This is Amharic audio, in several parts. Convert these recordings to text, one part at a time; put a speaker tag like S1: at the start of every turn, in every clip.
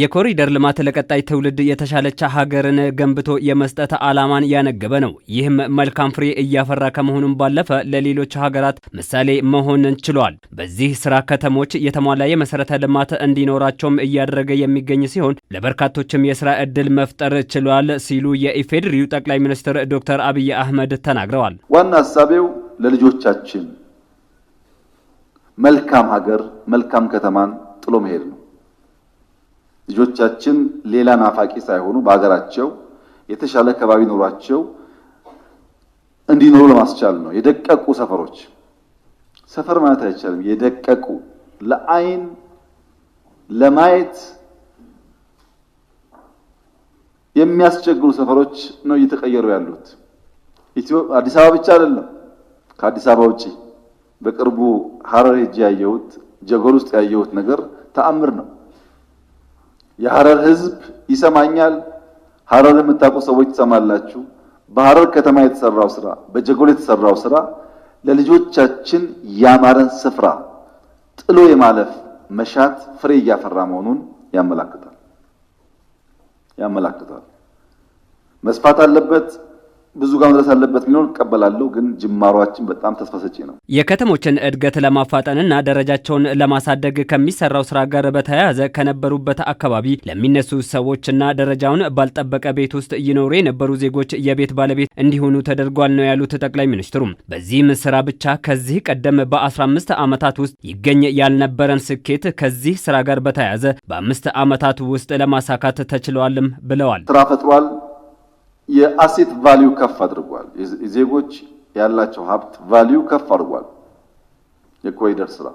S1: የኮሪደር ልማት ለቀጣይ ትውልድ የተሻለች ሀገርን ገንብቶ የመስጠት ዓላማን ያነገበ ነው። ይህም መልካም ፍሬ እያፈራ ከመሆኑም ባለፈ ለሌሎች ሀገራት ምሳሌ መሆን ችሏል። በዚህ ስራ ከተሞች የተሟላ የመሰረተ ልማት እንዲኖራቸውም እያደረገ የሚገኝ ሲሆን ለበርካቶችም የስራ እድል መፍጠር ችሏል ሲሉ የኢፌዴሪው ጠቅላይ ሚኒስትር ዶክተር አብይ አህመድ ተናግረዋል።
S2: ዋና ሀሳቤው ለልጆቻችን መልካም ሀገር መልካም ከተማን ጥሎ መሄድ ነው። ልጆቻችን ሌላ ናፋቂ ሳይሆኑ በሀገራቸው የተሻለ ከባቢ ኖሯቸው እንዲኖሩ ለማስቻል ነው። የደቀቁ ሰፈሮች ሰፈር ማለት አይቻልም። የደቀቁ ለአይን ለማየት የሚያስቸግሩ ሰፈሮች ነው እየተቀየሩ ያሉት። አዲስ አበባ ብቻ አይደለም። ከአዲስ አበባ ውጪ በቅርቡ ሀረር ሄጄ ያየሁት ጀጎል ውስጥ ያየሁት ነገር ተአምር ነው። የሐረር ህዝብ ይሰማኛል። ሐረር የምታውቁ ሰዎች ትሰማላችሁ። በሐረር ከተማ የተሰራው ስራ፣ በጀጎል የተሰራው ስራ ለልጆቻችን ያማረን ስፍራ ጥሎ የማለፍ መሻት ፍሬ እያፈራ መሆኑን ያመላክታል ያመላክታል። መስፋት አለበት። ብዙ ጋር መድረስ አለበት ሊኖር እቀበላለሁ፣ ግን ጅማሯችን በጣም ተስፋ ሰጪ ነው።
S1: የከተሞችን እድገት ለማፋጠንና ደረጃቸውን ለማሳደግ ከሚሰራው ስራ ጋር በተያያዘ ከነበሩበት አካባቢ ለሚነሱ ሰዎችና ደረጃውን ባልጠበቀ ቤት ውስጥ ይኖሩ የነበሩ ዜጎች የቤት ባለቤት እንዲሆኑ ተደርጓል ነው ያሉት ጠቅላይ ሚኒስትሩም። በዚህም ስራ ብቻ ከዚህ ቀደም በ15 ዓመታት ውስጥ ይገኝ ያልነበረን ስኬት ከዚህ ስራ ጋር በተያያዘ በአምስት ዓመታት ውስጥ ለማሳካት ተችለዋልም ብለዋል።
S2: ስራ ፈጥሯል። የአሴት ቫሊዩ ከፍ አድርጓል። ዜጎች ያላቸው ሀብት ቫሊዩ ከፍ አድርጓል። የኮሪደር ስራ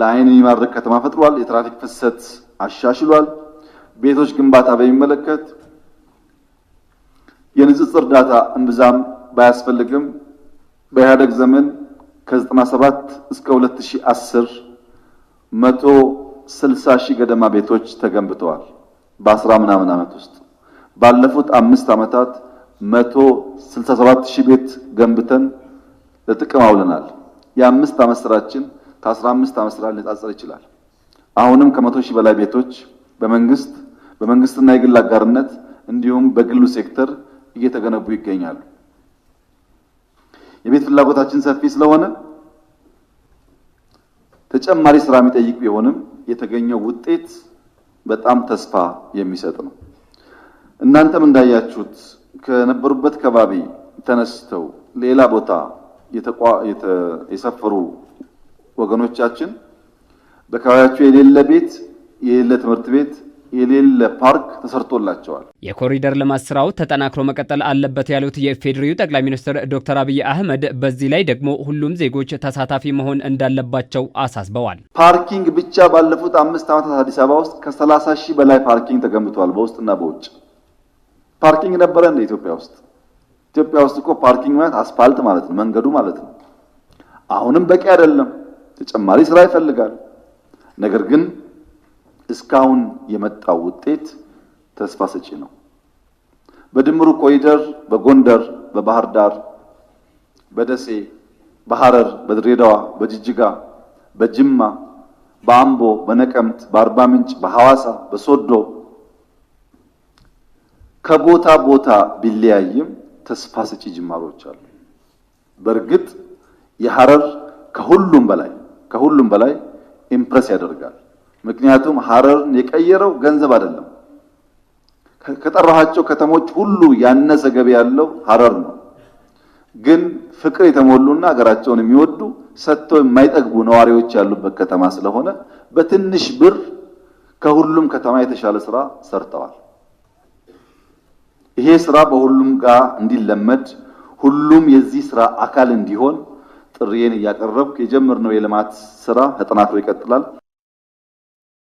S2: ለአይን የሚማርክ ከተማ ፈጥሯል። የትራፊክ ፍሰት አሻሽሏል። ቤቶች ግንባታ በሚመለከት የንጽጽ እርዳታ እምብዛም ባያስፈልግም በኢህአደግ ዘመን ከ97 እስከ 2010 160 ሺህ ገደማ ቤቶች ተገንብተዋል በአስራ ምናምን ዓመት ውስጥ ባለፉት አምስት ዓመታት 167 ሺህ ቤት ገንብተን ለጥቅም አውለናል። የአምስት ዓመት ስራችን ከ15 ዓመት ስራ ሊነጻጸር ይችላል። አሁንም ከመቶ ሺህ በላይ ቤቶች በመንግስት በመንግስትና የግል አጋርነት እንዲሁም በግሉ ሴክተር እየተገነቡ ይገኛሉ። የቤት ፍላጎታችን ሰፊ ስለሆነ ተጨማሪ ስራ የሚጠይቅ ቢሆንም የተገኘው ውጤት በጣም ተስፋ የሚሰጥ ነው። እናንተም እንዳያችሁት ከነበሩበት ከባቢ ተነስተው ሌላ ቦታ የሰፈሩ ወገኖቻችን በአካባቢያቸው የሌለ ቤት፣ የሌለ ትምህርት ቤት የሌለ ፓርክ ተሰርቶላቸዋል።
S1: የኮሪደር ልማት ስራው ተጠናክሮ መቀጠል አለበት ያሉት የኢፌዴሪው ጠቅላይ ሚኒስትር ዶክተር አብይ አህመድ በዚህ ላይ ደግሞ ሁሉም ዜጎች ተሳታፊ መሆን እንዳለባቸው አሳስበዋል።
S2: ፓርኪንግ ብቻ ባለፉት አምስት ዓመታት አዲስ አበባ ውስጥ ከ30 ሺህ በላይ ፓርኪንግ ተገንብቷል በውስጥና በውጭ ፓርኪንግ ነበረ እንደ ኢትዮጵያ ውስጥ ኢትዮጵያ ውስጥ እኮ ፓርኪንግ ማለት አስፋልት ማለት ነው፣ መንገዱ ማለት ነው። አሁንም በቂ አይደለም፣ ተጨማሪ ስራ ይፈልጋል። ነገር ግን እስካሁን የመጣው ውጤት ተስፋ ሰጪ ነው። በድምሩ ኮሪደር በጎንደር፣ በባህር ዳር፣ በደሴ፣ በሐረር፣ በድሬዳዋ፣ በጅጅጋ፣ በጅማ፣ በአምቦ፣ በነቀምት፣ በአርባ ምንጭ፣ በሐዋሳ፣ በሶዶ ከቦታ ቦታ ቢለያይም ተስፋ ሰጪ ጅማሮች አሉ። በእርግጥ የሐረር ከሁሉም በላይ ከሁሉም በላይ ኢምፕረስ ያደርጋል። ምክንያቱም ሐረርን የቀየረው ገንዘብ አይደለም። ከጠራኋቸው ከተሞች ሁሉ ያነሰ ገቢ ያለው ሐረር ነው። ግን ፍቅር የተሞሉና ሀገራቸውን የሚወዱ ሰጥተው የማይጠግቡ ነዋሪዎች ያሉበት ከተማ ስለሆነ በትንሽ ብር ከሁሉም ከተማ የተሻለ ስራ ሰርተዋል። ይሄ ስራ በሁሉም ጋር እንዲለመድ ሁሉም የዚህ ስራ አካል እንዲሆን ጥሪዬን እያቀረብኩ የጀመርነው የልማት ስራ ተጠናክሮ ይቀጥላል።